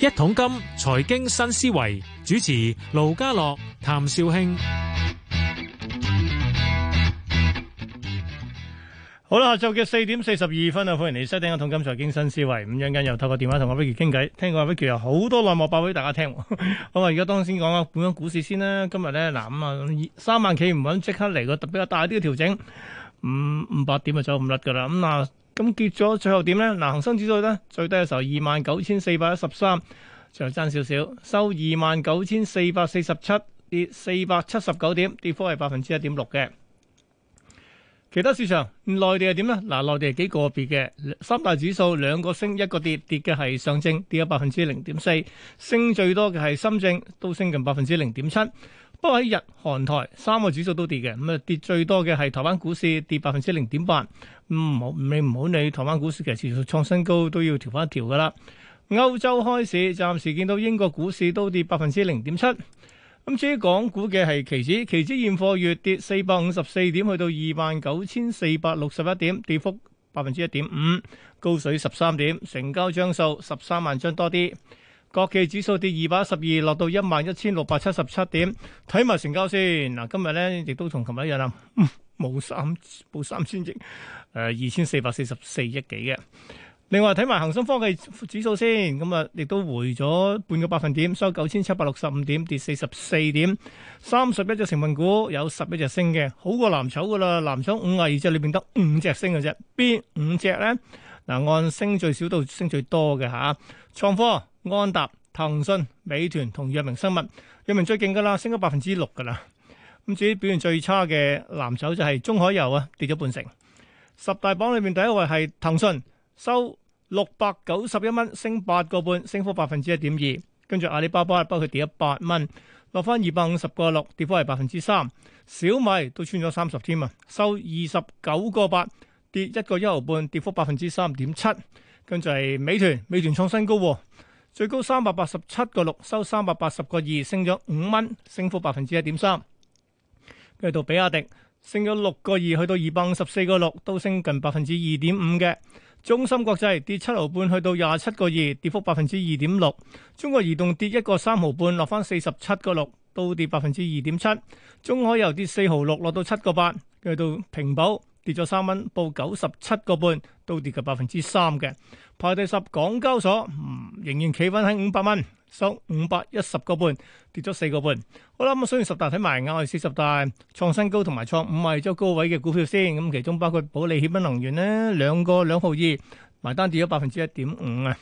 一桶金財經新思維，主持盧家樂、譚紹興，好啦，下晝嘅四點四十二分啊，歡迎嚟收聽《一桶金財經新思維》。咁陣間又透過電話同阿 Vicky 傾偈，聽講阿 Vicky 有好多內幕爆俾大家聽。咁啊，而家當先講下本港股市先啦。今日咧，嗱咁啊，三萬企唔穩，即刻嚟個比較大啲嘅調整，五五百點就走唔甩噶啦。咁啊。咁結咗最後點呢？嗱，恆生指數呢，最低嘅時候二萬九千四百一十三，最後爭少少收二萬九千四百四十七，跌四百七十九點，跌幅係百分之一點六嘅。其他市場內地係點呢？嗱，內地係幾個別嘅三大指數，兩個升一個跌，跌嘅係上證跌咗百分之零點四，升最多嘅係深證都升近百分之零點七。不過喺日韓台三個指數都跌嘅，咁啊跌最多嘅係台灣股市跌百分之零點八，唔好你唔好理台灣股市其實指數創新高都要調翻調㗎喇。歐洲開市暫時見到英國股市都跌百分之零點七，咁、嗯、至於港股嘅係期指，期指現貨月跌四百五十四點，去到二萬九千四百六十一點，跌幅百分之一點五，高水十三點，成交張數十三萬張多啲。國企指數跌二百一十二，落到一萬一千六百七十七點。睇埋成交先嗱，今日咧亦都同琴日一樣啦，冇三冇三千億，誒，二千四百四十四億幾嘅。另外睇埋恒生科技指數先，咁啊，亦都回咗半個百分點，收九千七百六十五點，跌四十四點，三十一隻成分股有十一隻升嘅，好過藍籌噶啦。藍籌五十二隻裏邊得五隻升嘅啫，邊五隻咧？嗱，按升最少到升最多嘅吓，創科、安踏、騰訊、美團同藥明生物，藥明最勁噶啦，升咗百分之六噶啦。咁至於表現最差嘅藍籌就係中海油啊，跌咗半成。十大榜裏面第一位係騰訊，收六百九十一蚊，升八個半，升幅百分之一點二。跟住阿里巴巴，包括跌八蚊，落返二百五十個六，跌幅係百分之三。小米都穿咗三十添啊，收二十九個八，跌一個一毫半，跌幅百分之三點七。跟住係美團，美團創新高喎。最高三百八十七個六，收三百八十個二，升咗五蚊，升幅百分之一點三。跟到比亞迪，升咗六個二，去到二百五十四個六，都升近百分之二點五嘅。中芯國際跌七毫半，去到廿七個二，跌幅百分之二點六。中國移動跌一個三毫半，落翻四十七個六，都跌百分之二點七。中海油跌四毫六，落到七個八，跟到平保，跌咗三蚊，報九十七個半，都跌近百分之三嘅。排第十，港交所仍然企穩喺五百蚊，收五百一十個半，跌咗四個半。好啦，咁所以十大睇埋，我哋四十大創新高同埋創五十二周高位嘅股票先。咁其中包括保利、協鑫能源咧，兩個兩毫二埋單，跌咗百分之一點五啊。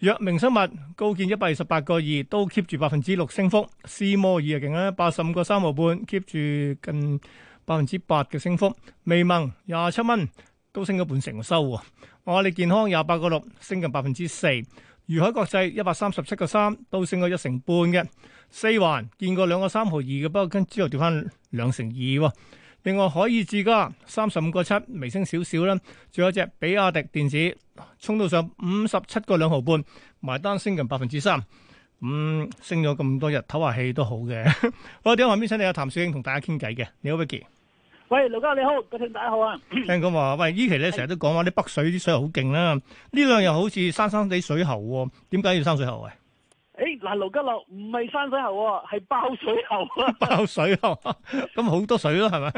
藥明生物高見一百二十八個二，都 keep 住百分之六升幅。思摩爾又勁啦，八十五個三毫半，keep 住近百分之八嘅升幅，微盟廿七蚊都升咗半成個收，我哋健康廿八個六升近百分之四，如海國際一百三十七個三都升咗一成半嘅，四環見過兩個三毫二嘅，不過跟之後掉翻兩成二，另外海爾智家三十五個七微升少少啦，仲有隻比亞迪電子衝到上五十七個兩毫半，埋單升近百分之三。咁升咗咁多日，唞下氣都好嘅。好，我喺外邊請你阿譚紹興同大家傾偈嘅。你好，Vicky。喂，盧家你好，各位大家好啊。聽講話，喂，依期咧成日都講話啲北水啲水好勁啦。呢兩日好似山山地水喉，點解要山水喉啊？誒，嗱，盧家佬唔係山水喉，係包水喉啊。包水喉，咁好多水咯，係咪？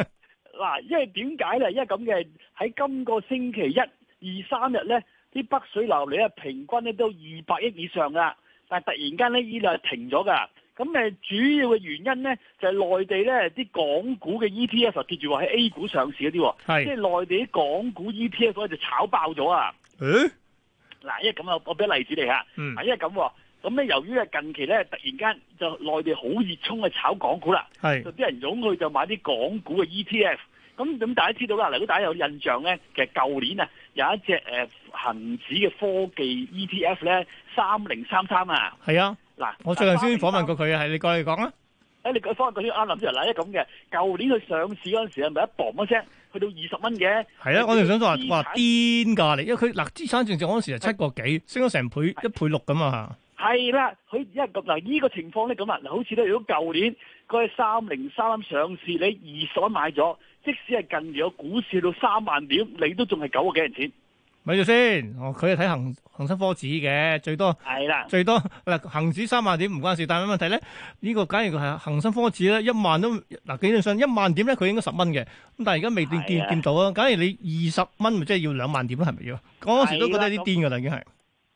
嗱，因為點解咧？因為咁嘅喺今個星期一二三日咧，啲北水流入嚟咧，平均咧都二百億以上噶。但突然間咧，依度停咗噶，咁主要嘅原因咧，就係、是、內地咧啲港股嘅 ETF 結住話喺 A 股上市嗰啲，即係內地啲港股 ETF 就炒爆咗啊！嗯，嗱，因為咁啊，我俾例子你吓，啊、嗯，因為咁，咁咧由於近期咧突然間就內地好熱衷去炒港股啦，就啲人湧去就買啲港股嘅 ETF。咁咁大家知道啦，嗱如果大家有印象咧，其實舊年啊有一隻誒恆指嘅科技 ETF 咧，三零三三啊，係啊，嗱我最近先訪問過佢啊，係你過去講啦，誒你講翻嗰啲啊林主任，嗱啲咁嘅，舊年佢上市嗰陣時係咪一磅一聲去到二十蚊嘅？係啊，我哋想話話癲㗎你，因為佢嗱資產淨值嗰陣時係七個幾，升咗成倍一倍六咁啊，係啦，佢因為嗱依個情況咧咁啊，嗱好似咧如果舊年佢係三零三上市，你二十蚊買咗。即使係近年股市到三萬點，你都仲係九個幾銀錢。咪住先，佢係睇恒恒生科指嘅，最多啦，最多嗱，恆指三萬點唔關事，但係問題咧，呢、這個假如係恒生科指咧，一萬都嗱，幾點上一萬點咧，佢應該十蚊嘅，咁但係而家未見見到啊。假如你二十蚊，咪即係要兩萬點，係咪要？嗰時都覺得有啲癲㗎啦，已經係。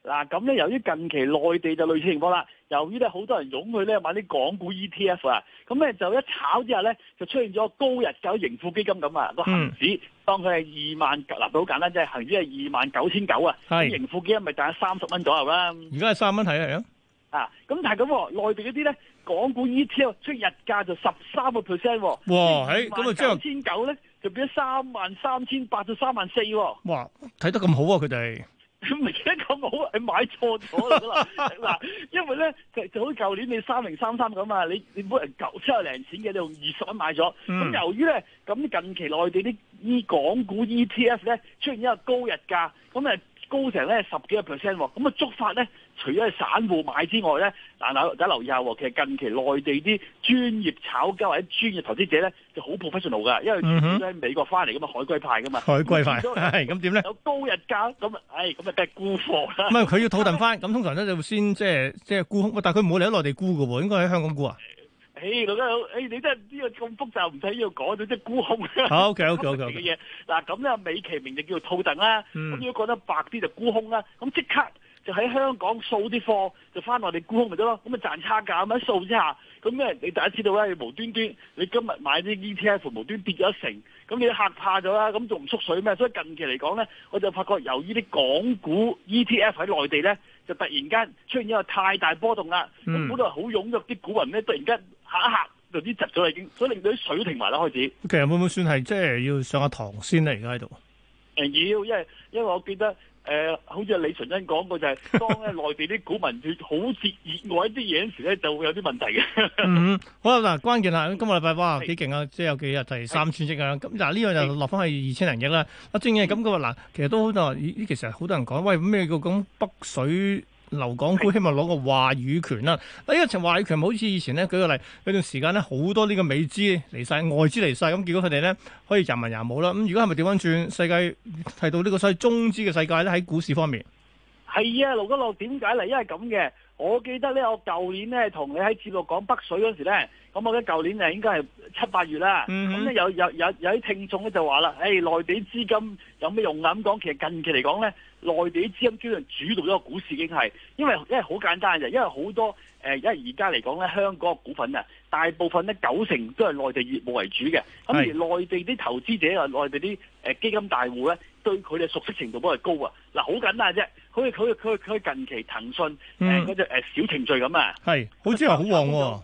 嗱咁咧，由於近期內地就類似情況啦，由於咧好多人湧去咧買啲港股 ETF 啊，咁咧就一炒之後咧，就出現咗高溢價盈富基金咁啊，個恒指當佢係二萬，嗱好簡單，即係，恒指係二萬九千九啊，咁盈富基金咪大約三十蚊左右啦。而家三蚊睇嚟啊，啊咁但係咁內地嗰啲咧，港股 ETF 出溢價就十三個 percent 喎。哇，喺咁啊將三千九咧就變咗三萬三千八到三萬四喎。哇，睇得咁好啊佢哋。唔係咁好，係買錯咗啦。嗱， 因為咧就就好舊年你三零三三咁啊，你你冇人七十零錢嘅，你用二十蚊買咗。咁、嗯、由於咧咁近期內地啲依港股 ETF 咧出現一個高溢價，咁誒。高成咧十幾個 percent 喎，咁啊觸發咧，除咗散戶買之外咧，嗱，大家留意下喎，其實近期內地啲專業炒家或者專業投資者咧就好 professional 噶，因為主要喺美國翻嚟噶嘛，海歸派噶嘛，海歸派，咁點咧？有高日價，咁唉，咁啊梗係沽貨啦。唔係佢要討論翻，咁通常咧就先即係即係沽空，但係佢唔會嚟喺內地沽噶喎，應該喺香港沽啊。誒老張好，誒你真係呢個咁複雜，唔使呢度講，你就即沽空啦。OK OK OK 嘅、okay, 嘢、okay, okay，嗱咁咧美其名就叫做套戥啦。咁、嗯、如果講得白啲就沽空啦。咁即刻就喺香港掃啲貨，就翻內地沽空咪得咯。咁咪賺差價咁樣掃之下，咁咧你第一知道咧，你無端端你今日買啲 ETF 無端跌咗一成，咁你嚇怕咗啦，咁仲唔縮水咩？所以近期嚟講咧，我就發覺由於啲港股 ETF 喺內地咧，就突然間出現一個太大波動啦。咁嗰度好踴躍啲股民咧，突然間～吓一吓就啲窒咗啦，已經所以令到啲水停埋啦，開始。其實會唔會算係即係要上下堂先咧？而家喺度誒要，因為因為我記得誒，好似李純恩講過就係當咧內地啲股民好似熱愛一啲嘢嗰時咧，就會有啲問題嘅。嗯，好啦，嗱，關鍵係今個禮拜哇幾勁啊！即係有幾日就係三千億啊！咁嗱呢個就落翻去二千零億啦。啊正係咁，佢話嗱，其實都好多呢，其實好多人講喂咩叫咁北水。留港股希望攞個話語權啦，嗱呢個話語權唔好似以前咧，舉個例，有段時間咧好多呢個美資離晒，外資離晒，咁結果佢哋咧可以人民遊冇啦，咁如果係咪調翻轉世界提到呢個所謂中資嘅世界咧喺股市方面係啊，盧吉洛點解嚟？因為咁嘅。我記得咧，我舊年咧同你喺節目講北水嗰時咧，咁我記得舊年誒應該係七八月啦。咁、嗯、咧有有有有啲聽眾咧就話啦，誒、哎、內地資金有咩用啊？咁講其實近期嚟講咧，內地資金基本上主導咗個股市已經係，因為因為好簡單嘅，因為好多誒，因為而家嚟講咧，香港嘅股份啊，大部分咧九成都係內地業務為主嘅，咁而內地啲投資者啊，內地啲基金大戶咧。對佢哋熟悉程度都係高啊！嗱、啊，好簡單啫，好似佢佢佢近期騰訊誒嗰隻誒小程序咁啊，係，好似又好旺喎、啊。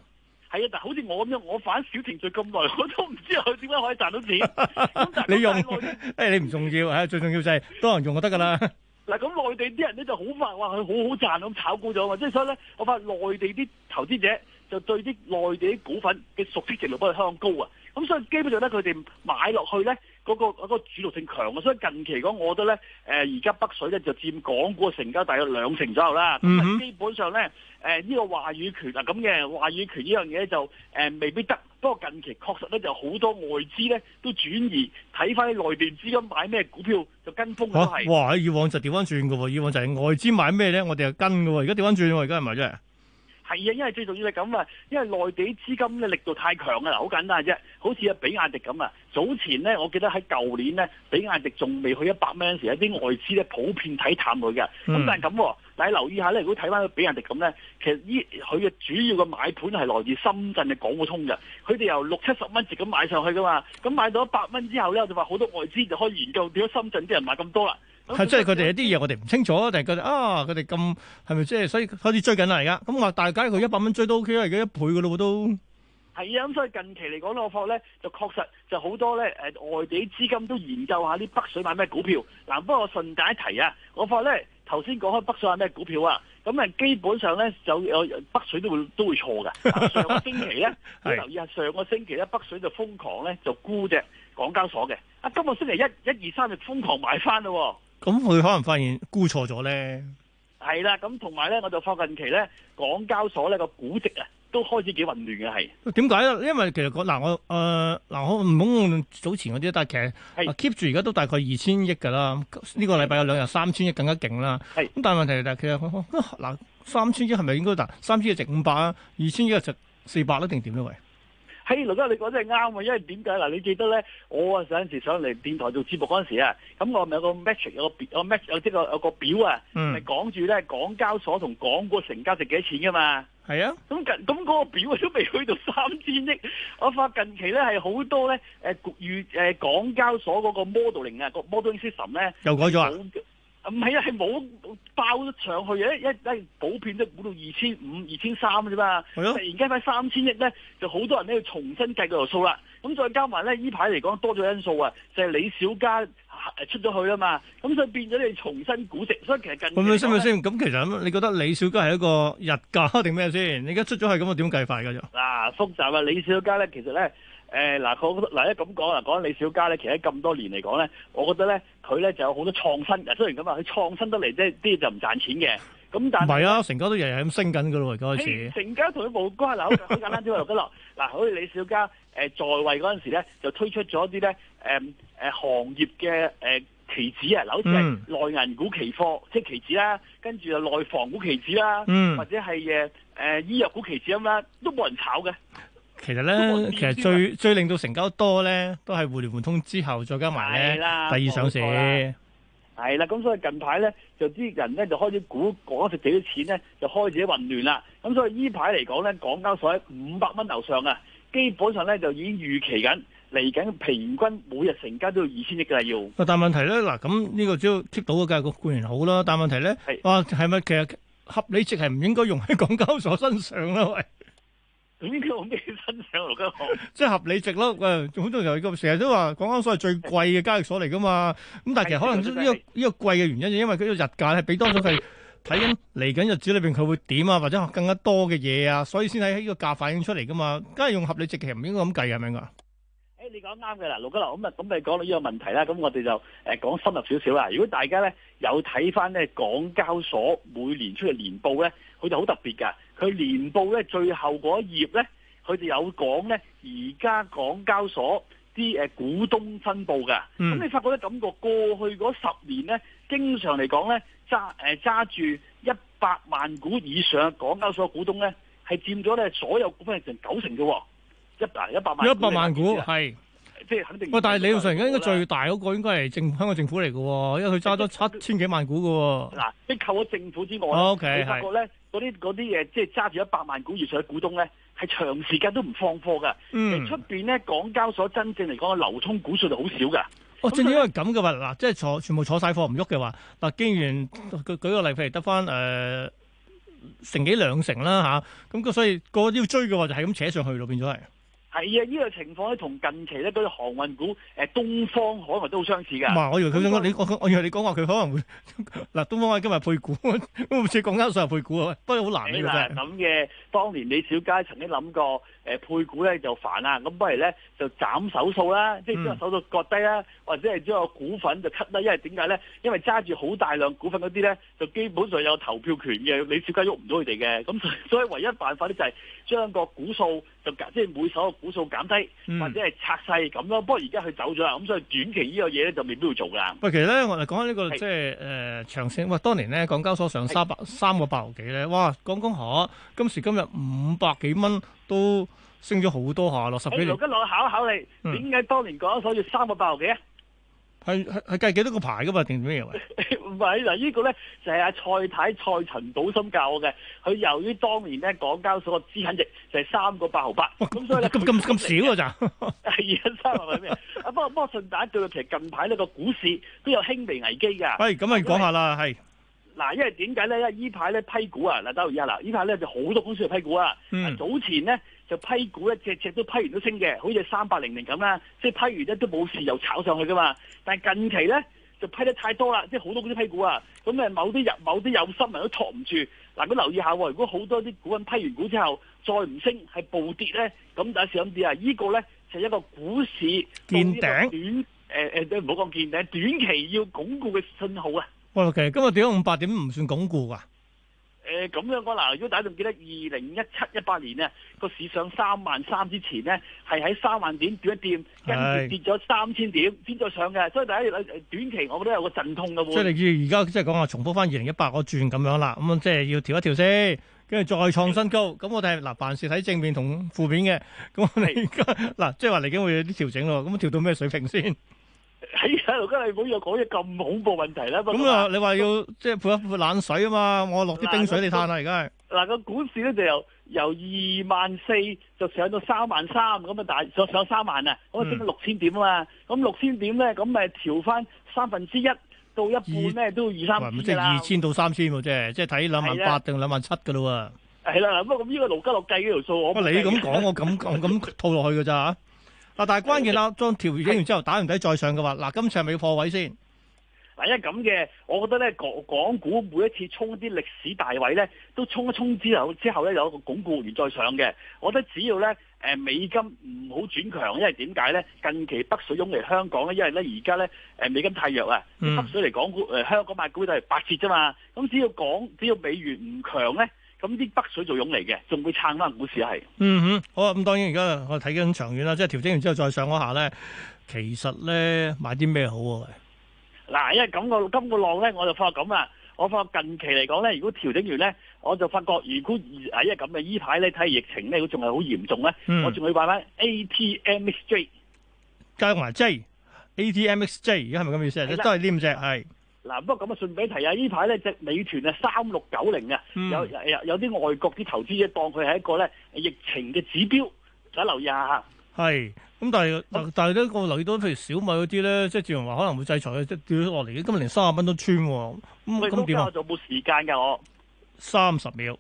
係啊，但好似我咁樣，我反小程序咁耐，我都唔知佢點解可以賺到錢。 你用誒、哎，你唔重要，係、啊、最重要就係多人用就得㗎啦。嗱、 啊，咁內地啲人咧就好快話佢好好賺咁炒高咗即係所以咧，我發現內地啲投資者就對啲內地啲股份嘅熟悉程度比香港高啊。咁、嗯、所以基本上咧，佢哋買落去咧，嗰、那個嗰、那個，主導性強。所以近期講，我覺得咧，而、呃、家北水咧就佔港股成交大約兩成左右啦。咁基本上咧，誒、呃、呢、這個話語權啊咁嘅話語權樣呢樣嘢就誒、呃、未必得。不過近期確實咧就好多外資咧都轉移睇翻啲內地資金買咩股票，就跟風都係。哇、啊！以往就調翻轉噶喎，以往就係外資買咩咧，我哋就跟噶喎。而家調翻轉喎，而家係咪啫？係啊，因為最重要係咁啊，因為內地資金咧力度太強㗎喇，好簡單啫，好似啊比亞迪咁啊。早前咧，我記得喺舊年咧，比亞迪仲未去一百蚊時，有啲外資咧普遍睇淡佢嘅。咁但係咁，但係、哦、留意一下咧，如果睇翻個比亞迪咁咧，其實呢，佢嘅主要嘅買盤係來自深圳嘅港股通嘅，佢哋由六七十蚊直咁買上去噶嘛。咁買到一百蚊之後咧，我就話好多外資就可以研究點解深圳啲人買咁多啦。係即係佢哋有啲嘢我哋唔清楚啊！定係佢哋啊，佢哋咁係咪即係所以開始追緊啦而家？咁我話大家佢一百蚊追都 O K 啦，而家一倍㗎咯都係啊！咁所以近期嚟講，我呢個貨咧就確實就好多咧外地資金都研究下啲北水買咩股票嗱、啊。不過我順帶一提啊，我話咧頭先講開北水買咩股票啊，咁誒基本上咧就北水都會都會錯嘅、啊。上個星期咧， 你留意下上個星期咧北水就瘋狂咧就沽隻港交所嘅啊。今個星期一、一,一二三就瘋狂買翻咯、哦。咁佢可能發現估錯咗咧，係啦。咁同埋咧，我就發近期咧，港交所咧個估值啊，都開始幾混亂嘅。係點解咧？因為其實嗱，我誒嗱、呃，我唔好用早前嗰啲，都得嘅 keep 住而家都大概二千億㗎啦。呢個禮拜有兩日三千億更加勁啦。咁但係問題就係其實嗱，三千億係咪應該達三千億值五百啊？二千億值四百咧，定點都喂？嘿，劉哥，你講真係啱啊！因為點解嗱？你記得咧，我啊上一次上嚟電台做節目嗰陣時啊，咁我咪有個 metric，有個表，有即個有個表啊，係講住咧港交所同港股成交值幾多錢噶嘛。係啊，咁近咁嗰個表啊都未去到三千億。我發近期咧係好多咧誒預誒港交所嗰個 modeling 啊，個 modeling system 咧又改咗啊。唔係啊，係冇包得上去嘅一一普遍都估到二千五、二千三啫嘛。係咯，突然間翻三千億咧，就好多人咧去重新計嗰條數啦。咁再加埋咧，依排嚟講多咗因素啊，就係、是、李小加出咗去啊嘛。咁所以變咗你重新估值，所以其實近。係咪先？咁其實咁，你覺得李小加係一個日價定咩先？你而家出咗係咁我點計法㗎就嗱複雜啊，李小加咧，其實咧。誒、嗯、嗱，我嗱一咁講啊，講李小加咧，其實咁多年嚟講咧，我覺得咧，佢咧就有好多創新。雖然咁話，佢創新得嚟即係啲就唔賺錢嘅。咁但係唔係啊？成交都日日咁升緊噶啦，而家開始。成交同佢冇關啦，好 簡單啲話落嚟。嗱，好似李小加誒在位嗰陣時咧，就推出咗一啲咧誒誒行業嘅誒期指啊，嗱好似係內銀股期貨、嗯、即係期指啦，跟住就內房股期指啦、嗯，或者係誒誒醫藥股期指咁啦，都冇人炒嘅。其實咧，其實最最令到成交多咧，都係互聯互通之後，再加埋咧第二上市。係啦，咁所以近排咧，就啲人咧就開始估港交所幾多錢咧，就開始混亂啦。咁所以呢排嚟講咧，港交所喺五百蚊樓上啊，基本上咧就已經預期緊嚟緊平均每日成交都要二千億嘅要。但問題咧，嗱咁呢個只要 keep 到嘅價個固然好啦，但問題咧，哇係咪其實合理值係唔應該用喺港交所身上囉？喂！咁應該冇咩真相，盧家樂。即係合理值咯，誒，好多時候成日都話港交所係最貴嘅交易所嚟噶嘛。咁但係其實可能呢個呢個貴嘅原因就因為佢個日價係俾多咗佢睇緊嚟緊日子裏邊佢會點啊，或者更加多嘅嘢啊，所以先喺呢個價反映出嚟噶嘛。梗係用合理值其實唔應該咁計嘅，明唔明啊？誒，你講啱嘅啦，盧家樂，咁啊，咁咪講到呢個問題啦。咁我哋就誒講深入少少啦。如果大家咧有睇翻咧港交所每年出嘅年報咧，佢就好特別㗎。佢年報咧最後嗰頁咧，佢哋有講咧，而家港交所啲誒、啊、股東分布㗎。咁、嗯、你發覺咧，感覺過去嗰十年咧，經常嚟講咧，揸誒揸住一百萬股以上嘅港交所股東咧，係佔咗咧所有股份成九成嘅，一嗱一百萬。一百萬股係。即係肯定。喂，但係理論上而家應該最大嗰個應該係政香港政府嚟嘅喎，因為佢揸咗七千幾萬股嘅喎。嗱，你扣咗政府之外，你發覺咧嗰啲嗰啲嘢，即係揸住一百萬股以上嘅股東咧，係長時間都唔放貨㗎。出邊咧，港交所真正嚟講嘅流通股數就好少㗎。哦，正因為咁嘅話，嗱，即係坐全部坐晒貨唔喐嘅話，嗱，既然佢舉個例譬如得翻誒成幾兩成啦吓，咁、啊、個所以個都要追嘅話就係咁扯上去咯，變咗係。係啊，呢、這個情況咧，同近期咧嗰啲航運股，誒東方可能都好相似㗎。唔係，我以為佢你，我以為你講話佢可能會嗱 東方啊，今日配股，好似講緊上日配股啊，不過好難呢個真係。係咁嘅。當年李小加曾經諗過，誒、呃、配股咧就煩啊。咁不如咧就斬手數啦，即係將手數割低啦、嗯，或者係將個股份就 cut 啦。因為點解咧？因為揸住好大量股份嗰啲咧，就基本上有投票權嘅，李小加喐唔到佢哋嘅。咁所以唯一辦法咧就係、是。將個股數就即係每手個股數減低，或者係拆細咁咯。不過而家佢走咗啦，咁所以短期呢個嘢咧就未必要做㗎。喂，其實咧，我哋講緊呢個即係誒長線。喂，當年咧，港交所上三百三個八毫幾咧，哇！講講下，今時今日五百幾蚊都升咗好多下咯，六十幾。我跟落去考一考你，點解當年港交所要三個八毫幾啊？係係係計幾多個牌噶嘛？定咩啊？唔係嗱，呢、 這個咧就係阿蔡太，太蔡陳寶森教我嘅。佢由於當年咧港交所個資產值就係三個八毫八，咁所以咧咁咁咁少啊！咋二三毫係咩？啊， 不過不過順帶一句，其實近排呢個股市都有輕微危機㗎。喂、欸，咁咪講下啦，係嗱，因為點解咧？因為依排咧批股啊，嗱，週一啦，依排咧就好多公司去批股啊。嗯、早前咧。就批股咧，隻隻都批完都升嘅，好似三八零零咁啦。即係批完咧都冇事，又炒上去噶嘛。但係近期咧就批得太多啦，即係好多啲批股啊。咁誒，某啲某啲有心人都托唔住。嗱，咁留意下喎。如果好多啲股份批完股之後再唔升，係暴跌咧，咁大家小心啲啊。依、這個咧係、就是、一個股市個見頂短誒誒，唔好講見頂，短期要鞏固嘅信號啊。喂、okay,，K，今日點解五百點唔算鞏固啊？係咁樣講嗱，如果大家仲記得二零一七一八年咧個市上三萬三之前咧係喺三萬點跌一跌，跟住跌咗三千點先再上嘅，所以大家短期我覺得有個陣痛噶喎。即係例如而家即係講話重複翻二零一八個轉咁樣啦，咁即係要調一調先，跟住再創新高。咁我哋嗱，凡事睇正面同負面嘅，咁我哋嗱，即係話嚟緊會有啲調整咯。咁調到咩水平先？喺啊，盧家利，唔好又講嘢咁恐怖問題啦。咁啊，你話要即係潑一潑冷水啊嘛！我落啲冰水你嘆下而家。嗱個股市咧就由由二萬四就上到三萬三咁啊，大上上三萬啊，咁啊升到六千點啊嘛。咁六千點咧，咁咪調翻三分之一到一半咧，都二三千啦。即係二千到三千啫，即係睇兩萬八定兩萬七嘅咯喎。係啦，不過咁呢個盧家樂計呢條數，我唔。你咁講，我咁我咁套落去嘅咋嚇？嗱，但係關鍵啦，當調整完之後打完底再上嘅話，嗱，今次咪要破位先。嗱，因為咁嘅，我覺得咧，港港股每一次沖一啲歷史大位咧，都衝一衝之後，之後咧，有一個鞏固完再上嘅。我覺得只要咧，誒，美金唔好轉強，因為點解咧？近期北水湧嚟香港咧，因為咧而家咧，誒，美金太弱啊。北水嚟港股，誒、呃，香港買股都係八折啫嘛。咁只要港，只要美元唔強咧。咁啲北水做湧嚟嘅，仲會撐翻股市係。嗯哼，好啊！咁當然而家我睇緊長遠啦，即係調整完之後再上嗰下咧，其實咧買啲咩好喎、啊？嗱，因為咁個今個浪咧，我就發覺咁啊！我發覺近期嚟講咧，如果調整完咧，我就發覺如果而係咁嘅依排咧，睇疫情咧，如果仲係好嚴重咧、嗯，我仲會買翻 ATMXJ 加埋 J，ATMXJ 而家係咪咁嘅意思？都係呢五隻係。嗱、啊，不過咁啊，順便提下呢排咧，隻美團啊，三六九零啊，有有啲外國啲投資者當佢係一個咧疫情嘅指標，大家留意下嚇。係，咁但係但係咧，我留意到譬如小米嗰啲咧，即係自然話可能會制裁即係，跌落嚟，今日連三十蚊都穿喎。咁咁點？有冇時間㗎我？三十秒。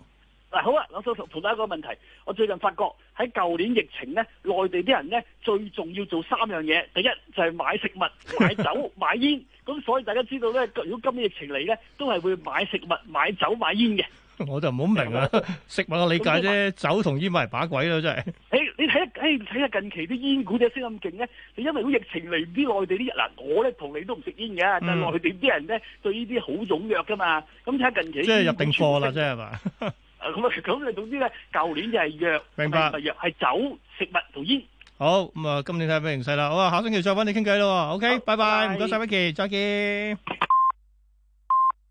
嗱好啊，我再同大家一個問題。我最近發覺喺舊年疫情咧，內地啲人咧最重要做三樣嘢。第一就係買食物、買酒、買煙。咁所以大家知道咧，如果今年疫情嚟咧，都係會買食物、買酒、買煙嘅。我就唔好明啊，食物我理解啫，酒同煙咪係把鬼啦，真係。你你睇下，哎，睇下近期啲煙股點升咁勁咧？你因為如果疫情嚟啲內地啲人，嗱我咧同你都唔食煙嘅，但係內地啲人咧對呢啲好踴躍㗎嘛。咁睇下近期即係入定貨啦，真係嘛？咁啊，咁你總之咧，舊年就係藥，明明係藥，係酒、食物同煙。好，咁啊，今年睇下咩形勢啦。好啊，下星期再揾你傾偈咯。OK，拜拜，唔該晒。Vicky，再見。